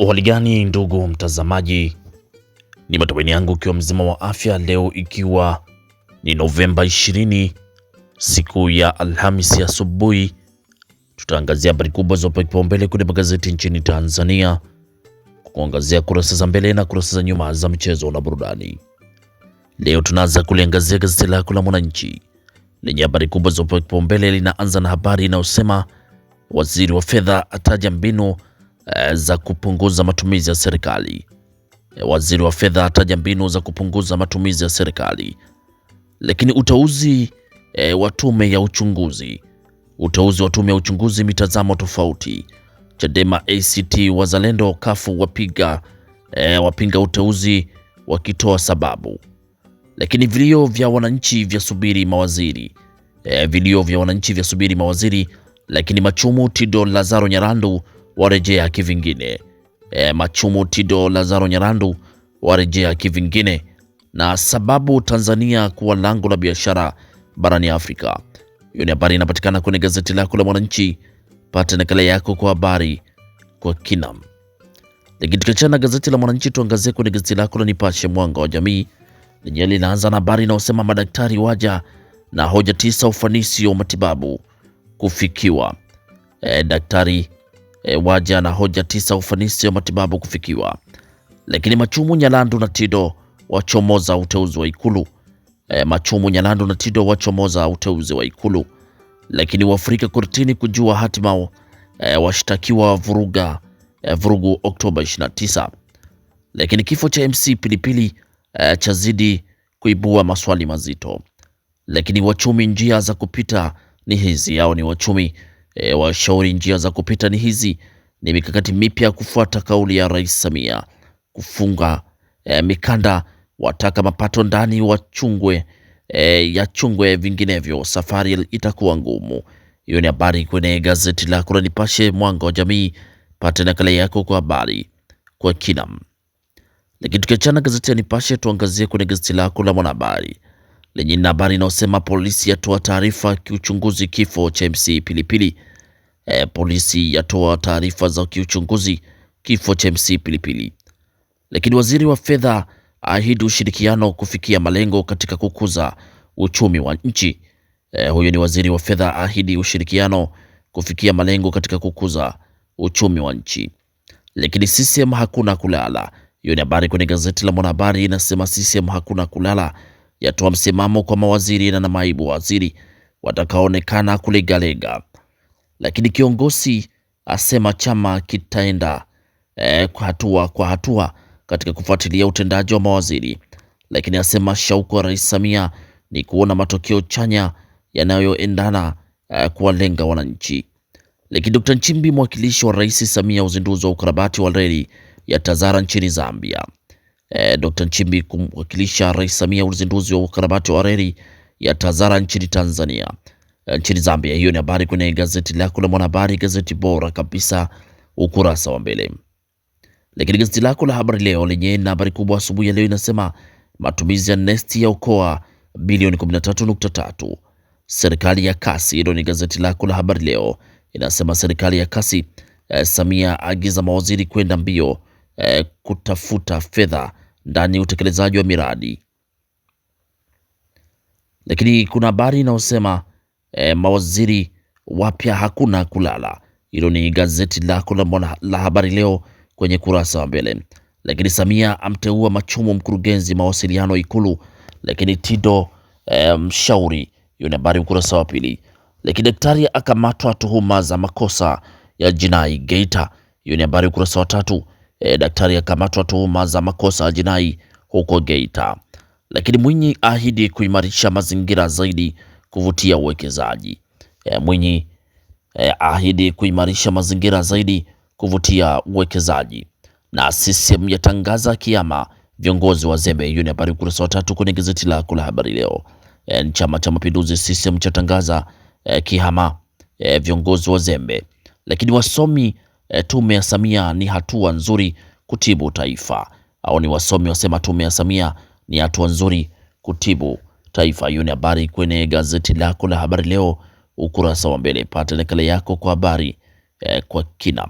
Uhali gani ndugu mtazamaji, ni matumaini yangu ukiwa mzima wa afya leo, ikiwa ni Novemba 20 siku ya Alhamisi asubuhi, tutaangazia habari kubwa zopewa kipaumbele kule magazeti nchini Tanzania, kuangazia kurasa za mbele na kurasa za nyuma za michezo na burudani. Leo tunaanza kuliangazia gazeti lako la Mwananchi lenye habari kubwa zopewa kipaumbele, linaanza na habari inayosema waziri wa fedha ataja mbinu Eh, za kupunguza matumizi ya serikali. Eh, waziri wa fedha ataja mbinu za kupunguza matumizi ya serikali. Lakini uteuzi e, wa tume ya uchunguzi, uteuzi wa tume ya uchunguzi, mitazamo tofauti. Chadema, ACT Wazalendo, kafu wapiga e, wapinga uteuzi wakitoa sababu. Lakini vilio vya wananchi subiri mawaziri e, vilio vya wananchi vya subiri mawaziri. Lakini Machumu, Tido, Lazaro Nyarandu warejea kivingine. E, Machumu Tido Lazaro Nyarandu warejea kivingine, na sababu Tanzania kuwa lango la biashara barani Afrika. Hiyo ni habari inapatikana kwenye gazeti lako la Mwananchi. Pata nakala yako kwa habari kwa kina. Lakini tukiachana na gazeti la Mwananchi, tuangazie kwenye gazeti lako la Nipashe Mwanga wa Jamii lenyewe linaanza na habari inayosema madaktari waja na hoja tisa ufanisi wa matibabu kufikiwa. E, daktari e, waja na hoja tisa ufanisi wa matibabu kufikiwa. Lakini Machumu, Nyalandu na Tido wachomoza uteuzi wa Ikulu. E, Machumu, Nyalandu na Tido wachomoza uteuzi wa Ikulu. Lakini Waafrika kortini kujua hatima e, washtakiwa vuruga e, vurugu Oktoba 29. Lakini kifo cha MC Pilipili e, chazidi kuibua maswali mazito. Lakini wachumi njia za kupita ni hizi, yao ni wachumi e, washauri njia za kupita ni hizi. Ni mikakati mipya kufuata kauli ya Rais Samia kufunga e, mikanda, wataka mapato ndani wachungwe e, ya chungwe, vinginevyo safari itakuwa ngumu. Hiyo ni habari kwenye gazeti la la Nipashe Mwanga wa Jamii. Pata nakala yako kwa habari kwa kina. Lakini tukiachana gazeti ya Nipashe, tuangazie kwenye gazeti lako la Mwanahabari lenye habari inayosema polisi yatoa taarifa kiuchunguzi kifo cha MC Pilipili. E, polisi yatoa taarifa za kiuchunguzi kifo cha MC Pilipili. Lakini waziri wa fedha ahidi ushirikiano kufikia malengo katika kukuza uchumi wa nchi. E, huyo ni waziri wa fedha ahidi ushirikiano kufikia malengo katika kukuza uchumi wa nchi. Lakini CCM hakuna kulala. Hiyo ni habari kwenye gazeti la Mwanahabari inasema CCM hakuna kulala, yatoa msimamo kwa mawaziri na, na maibu waziri watakaonekana kulegalega lakini kiongozi asema chama kitaenda e, kwa hatua kwa hatua katika kufuatilia utendaji wa mawaziri, lakini asema shauku ya Rais Samia ni kuona matokeo chanya yanayoendana eh, kuwalenga wananchi. Lakini Dr. Nchimbi, mwakilishi wa Rais Samia uzinduzi wa ukarabati wa reli ya Tazara nchini Zambia. E, eh, Dr. Nchimbi kumwakilisha Rais Samia uzinduzi wa ukarabati wa reli ya Tazara nchini Tanzania. Eh, nchini Zambia. Hiyo ni habari kwenye gazeti lako la Mwanahabari, gazeti bora kabisa, ukurasa wa mbele. Lakini gazeti lako la Habari Leo lenye na habari kubwa asubuhi ya leo inasema matumizi ya nesti ya ukoa bilioni 13.3 serikali ya kasi. Hilo ni gazeti lako la Habari Leo inasema serikali ya kasi eh, Samia agiza mawaziri kwenda mbio eh, kutafuta fedha ndani utekelezaji wa miradi. Lakini kuna habari inayosema e, mawaziri wapya hakuna kulala. Hilo ni gazeti lako la la Habari Leo kwenye kurasa wa mbele. Lakini Samia amteua Machumu mkurugenzi mawasiliano Ikulu, lakini Tido e, mshauri. Hiyo ni habari ukurasa wa pili. Lakini daktari akamatwa tuhuma za makosa ya jinai Geita. Hiyo ni habari ukurasa wa tatu. E, daktari akamatwa tuhuma za makosa ya jinai huko Geita. Lakini Mwinyi ahidi kuimarisha mazingira zaidi kuvutia uwekezaji. Eh, Mwinyi eh, ahidi kuimarisha mazingira zaidi kuvutia uwekezaji. Na CCM yatangaza kiama viongozi wazembe. Hiyo ni habari ukurasa wa tatu kwenye gazeti lako la habari leo. Eh, Chama cha Mapinduzi CCM chatangaza e, kihama e, viongozi Zembe. Lakini wasomi e, tume ya Samia ni hatua nzuri kutibu taifa, au ni wasomi wasema tume ya Samia ni hatua nzuri kutibu Taifa. Hiyo ni habari kwenye gazeti lako la habari leo ukurasa wa mbele, pata nakala yako kwa habari eh, kwa kina.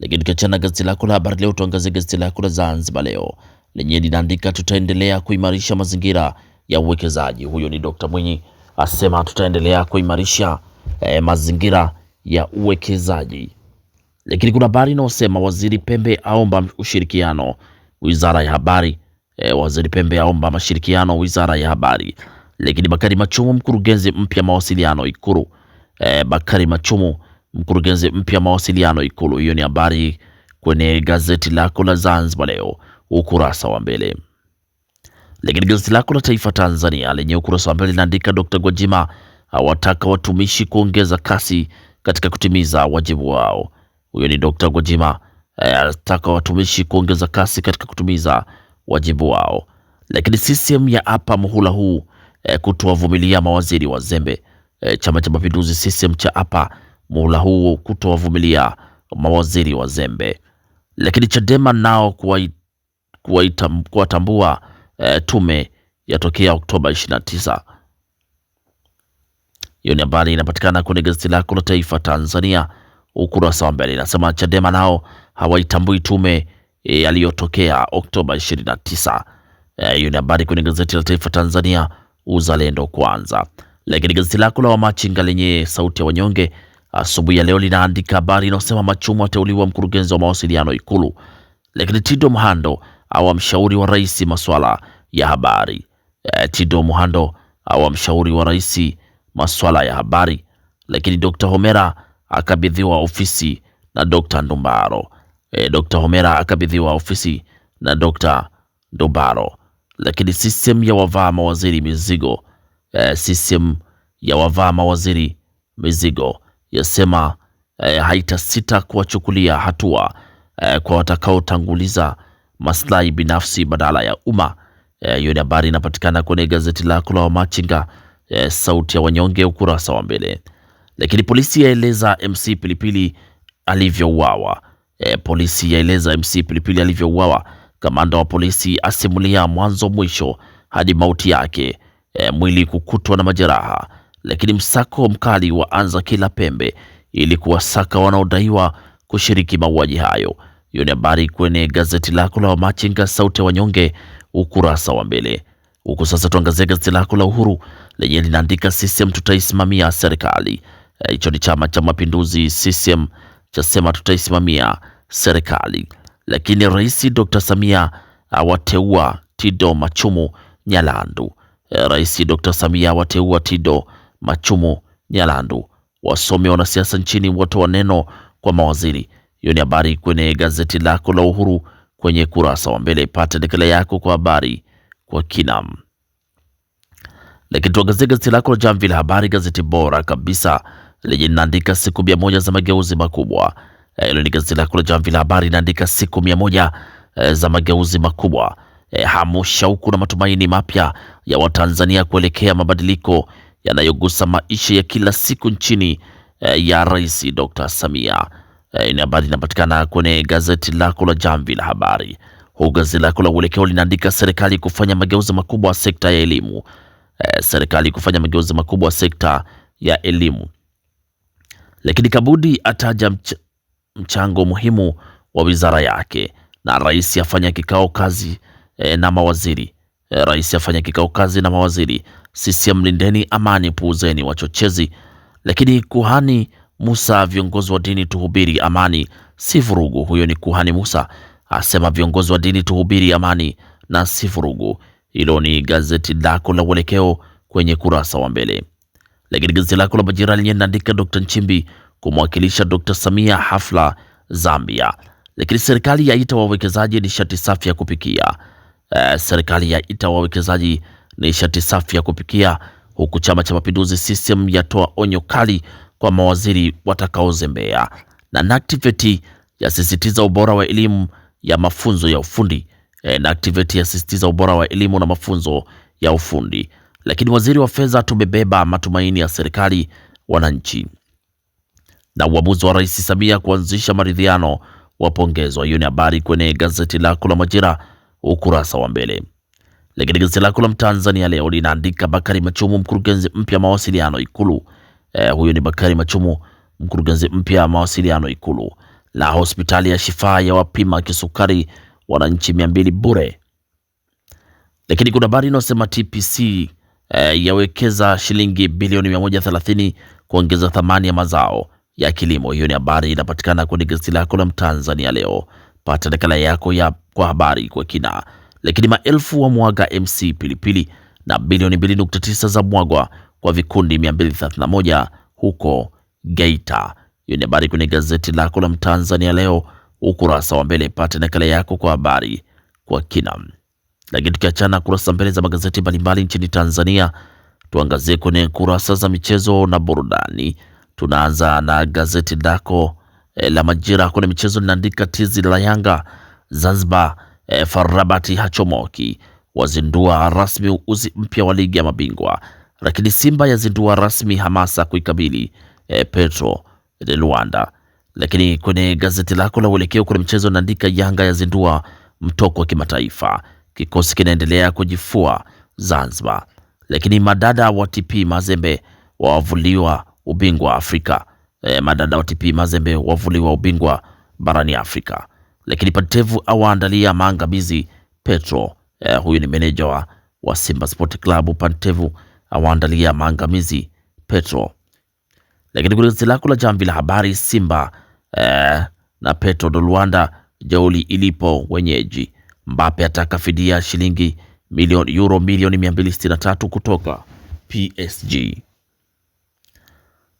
Lakini tukiachana gazeti lako la habari leo, tuangazie gazeti lako la Zanzibar leo lenye linaandika tutaendelea kuimarisha mazingira ya uwekezaji. Huyo ni Dr. Mwinyi asema tutaendelea kuimarisha eh, mazingira ya uwekezaji. Lakini kuna habari inayosema waziri Pembe aomba ushirikiano wizara ya habari E, waziri Pembe aomba mashirikiano wizara ya habari. Lakini Bakari Machumu mkurugenzi mpya mawasiliano Ikulu. E, Bakari Machumu mkurugenzi mpya mawasiliano Ikulu. Hiyo ni habari kwenye gazeti lako la Zanzibar leo ukurasa wa mbele. Lakini gazeti lako la Taifa Tanzania lenye ukurasa wa mbele linaandika Dr. Gwajima awataka watumishi kuongeza kasi katika kutimiza wajibu wao. Huyo ni Dr. Gwajima e, ataka watumishi kuongeza kasi katika kutimiza wajibu wao, lakini CCM ya apa muhula huu e, kutowavumilia mawaziri wazembe e, eh, Chama cha Mapinduzi CCM cha apa muhula huu kutowavumilia mawaziri wazembe, lakini Chadema nao kuwatambua e, tume yatokea Oktoba 29. Hiyo ni habari inapatikana kwenye gazeti lako la Taifa Tanzania ukurasa wa mbele, inasema Chadema nao hawaitambui tume Eh, yaliyotokea Oktoba 29. Eh, hiyo ni habari kwenye gazeti la Taifa Tanzania Uzalendo Kwanza. Lakini gazeti lako la Wamachinga lenye sauti ya wanyonge asubuhi ya leo linaandika habari inayosema Machumu ateuliwa mkurugenzi wa mawasiliano Ikulu, lakini Tido Mhando awa mshauri wa rais masuala ya habari. E, Tido Mhando awa mshauri wa rais masuala ya habari. Lakini Dr. Homera akabidhiwa ofisi na Dr. Ndumbaro e, Dr. Homera akabidhiwa ofisi na Dr. Ndobaro. Lakini system ya wavaa mawaziri mizigo e, system ya wavaa mawaziri mizigo yasema e, haitasita kuwachukulia hatua e, kwa watakaotanguliza maslahi binafsi badala ya umma. E, hiyo ni habari inapatikana kwenye gazeti lako la Wamachinga e, sauti ya wanyonge ukurasa wa mbele. Lakini polisi yaeleza MC Pilipili alivyouawa. E, polisi yaeleza MC Pilipili alivyouawa. Kamanda wa polisi asimulia mwanzo mwisho hadi mauti yake. E, mwili kukutwa na majeraha, lakini msako mkali waanza kila pembe ili kuwasaka wanaodaiwa kushiriki mauaji hayo. Hiyo ni habari kwenye gazeti lako la Wamachinga sauti ya wanyonge ukurasa wa mbele. Huku sasa tuangazie gazeti lako la Uhuru lenye linaandika CCM tutaisimamia serikali. E, hicho e, ni Chama cha Mapinduzi CCM chasema tutaisimamia serikali. Lakini Rais Dr. Samia awateua Tido Machumu Nyalandu. Eh, Rais Dr. Samia awateua Tido Machumu Nyalandu. Wasomi wanasiasa nchini watoa neno kwa mawaziri. Hiyo ni habari kwenye gazeti lako la Uhuru kwenye kurasa wa mbele. Pata nakala yako kwa habari kwa kina. Lakini tuangazie gazeti lako la Jamvi la Habari, gazeti bora kabisa lenye linaandika siku mia moja za mageuzi makubwa Eh, hilo ni gazeti la jamvi la habari inaandika siku mia moja eh, za mageuzi makubwa. E, hamu shauku na matumaini mapya ya Watanzania kuelekea mabadiliko yanayogusa maisha ya kila siku nchini e, ya Rais Dr. Samia. E, ni habari inapatikana kwenye gazeti lako la Jamvi la Habari, huu gazeti lako la Uelekeo linaandika serikali kufanya mageuzi makubwa sekta ya elimu. E, serikali kufanya mageuzi makubwa sekta ya elimu. Lakini Kabudi ataja mchango muhimu wa wizara yake, na rais afanya kikao kazi e, na mawaziri e, rais afanya kikao kazi na mawaziri. CCM lindeni amani, puuzeni wachochezi. Lakini kuhani Musa, viongozi wa dini tuhubiri amani, si vurugu. Huyo ni kuhani Musa asema viongozi wa dini tuhubiri amani na si vurugu. Hilo ni gazeti lako la Uelekeo kwenye kurasa wa mbele. Lakini gazeti lako la Majira lenye linaandika Dr. Nchimbi kumwakilisha Dr. Samia hafla Zambia. Lakini serikali yaita wawekezaji nishati safi ya kupikia. E, serikali yaita wawekezaji nishati safi ya kupikia, huku Chama cha Mapinduzi CCM yatoa onyo kali kwa mawaziri watakaozembea, na NACTVET yasisitiza ubora wa elimu ya mafunzo ya ufundi. E, eh, NACTVET yasisitiza ubora wa elimu na mafunzo ya ufundi. Lakini waziri wa fedha, tumebeba matumaini ya serikali wananchi na uamuzi wa Rais Samia kuanzisha maridhiano wapongezwa. Hiyo ni habari kwenye gazeti lako la Majira ukurasa wa mbele. Lakini gazeti lako la Mtanzania leo linaandika Bakari Machumu, mkurugenzi mpya mawasiliano Ikulu. Eh, huyo ni Bakari Machumu, mkurugenzi mpya mawasiliano Ikulu. La hospitali ya Shifaa ya wapima kisukari wananchi mia mbili bure. Lakini kuna habari inayosema TPC eh, yawekeza shilingi bilioni 130 kuongeza thamani ya mazao ya kilimo. Hiyo ni habari inapatikana kwenye gazeti lako la Mtanzania leo, pata nakala yako ya kwa habari kwa kina. Lakini maelfu wa mwaga MC Pilipili na bilioni 2.9 za mwagwa kwa vikundi 231 huko Geita. Hiyo ni habari kwenye gazeti lako la Mtanzania leo ukurasa wa mbele, pata nakala yako kwa habari kwa kina. Lakini tukiachana kurasa mbele za magazeti mbalimbali nchini Tanzania, tuangazie kwenye kurasa za michezo na burudani. Tunaanza na gazeti lako e, la Majira kuna michezo linaandika tizi la Yanga Zanzibar, e, Farabati hachomoki wazindua rasmi uzi mpya wa ligi ya mabingwa, lakini Simba yazindua rasmi hamasa kuikabili e, Petro de Luanda. Lakini kwenye gazeti lako la Uelekeo kuna mchezo linaandika Yanga yazindua mtoko wa kimataifa, kikosi kinaendelea kujifua Zanzibar. Lakini madada wa TP Mazembe wawavuliwa ubingwa Afrika. E, madada wa TP Mazembe wavuliwa ubingwa barani Afrika. Lakini Pantevu awaandalia maangamizi Petro. E, huyu ni meneja wa, wa Simba Sport Club. Pantevu awaandalia maangamizi Petro. Lakini kwenye gazeti lako la Jamvi la Habari, Simba e, na Petro do Luanda jeuli ilipo wenyeji. Mbape ataka fidia shilingi milioni euro milioni 263 kutoka PSG.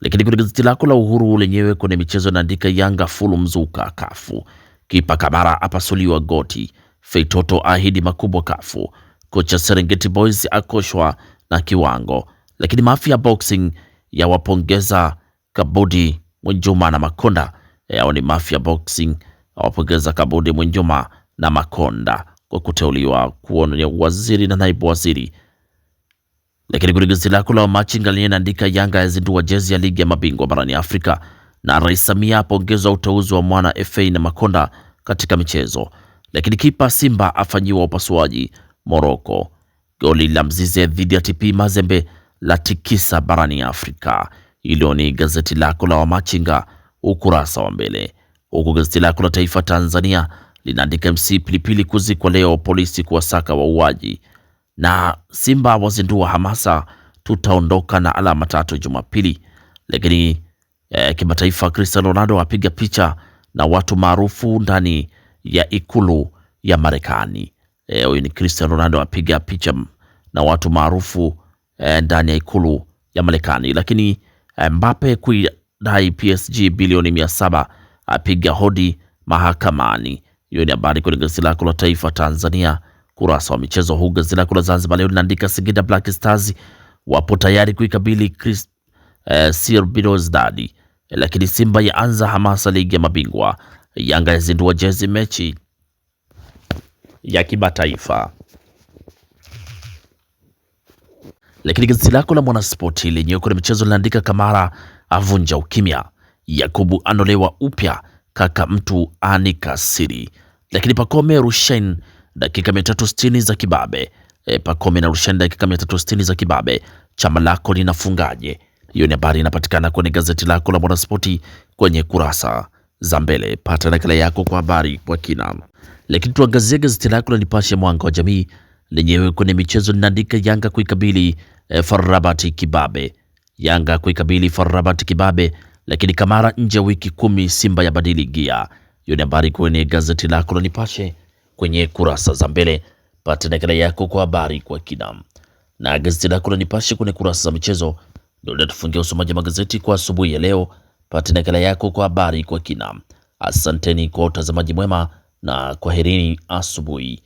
Lakini kwenye gazeti lako la Uhuru lenyewe kwenye michezo naandika Yanga fulu mzuka kafu, kipa Kamara apasuliwa goti, Feitoto ahidi makubwa kafu, kocha Serengeti Boys akoshwa na kiwango, lakini Mafia Boxing yawapongeza Kabudi Mwenjuma na Makonda. Yao ni Mafia Boxing awapongeza Kabudi Mwenjuma na Makonda kwa kuteuliwa kuona waziri na naibu waziri lakini kwenye gazeti lako la Wamachinga lenye naandika Yanga yazindua jezi ya ligi ya mabingwa barani Afrika na Rais Samia apongezwa uteuzi wa mwana FA na Makonda katika michezo. Lakini kipa Simba afanyiwa upasuaji Moroko. Goli la Mzize dhidi ya TP Mazembe la tikisa barani Afrika. Hilo ni gazeti lako la Wamachinga ukurasa wa mbele, huku gazeti lako la Taifa Tanzania linaandika MC Pilipili kuzikwa leo, polisi kuwasaka wauaji na Simba wazindua hamasa, tutaondoka na alama tatu Jumapili. Lakini eh, kimataifa, Cristiano Ronaldo apiga picha na watu maarufu ndani ya ikulu ya Marekani. Eh, huyu eh, ni Cristiano Ronaldo apiga picha na watu maarufu eh, ndani ya ikulu ya Marekani. Lakini eh, Mbappe kuidai PSG bilioni mia saba apiga hodi mahakamani. Hiyo ni habari kwenye gazeti lako la Taifa Tanzania. Kurasa wa michezo huu gazeti lako la Zanzibar Leo linaandika Singida Black Stars wapo tayari kuikabili Chris eh, Sirbilzdad eh, lakini Simba yaanza hamasa ligi ya mabingwa. Yanga yazindua jezi mechi ya kimataifa. Lakini gazeti lako la Mwanaspoti lenyewe kuna michezo linaandika Kamara avunja ukimya, Yakubu anolewa upya, kaka mtu anika siri, lakini Pakome Rushain dakika 360 za kibabe e, Pacome na rushani dakika 360 za kibabe. Chama lako linafungaje? Hiyo ni habari inapatikana kwenye gazeti lako la Mwanaspoti kwenye kurasa za mbele. Pata nakala yako kwa habari kwa kina. Lakini tuangazie gazeti lako la Nipashe Mwanga wa Jamii lenyewe kwenye michezo linaandika Yanga kuikabili e, eh, Farabati kibabe. Yanga kuikabili Farabati kibabe. Lakini Kamara nje wiki kumi, Simba ya badili gia. Hiyo ni habari kwenye gazeti lako la Nipashe kwenye kurasa za mbele. Pata nakala yako kwa habari kwa kina. Na gazeti lako la Nipashe kwenye kurasa za michezo ndio linatufungia usomaji wa magazeti kwa asubuhi ya leo. Pata nakala yako kwa habari kwa kina. Asanteni kwa utazamaji mwema na kwaherini asubuhi.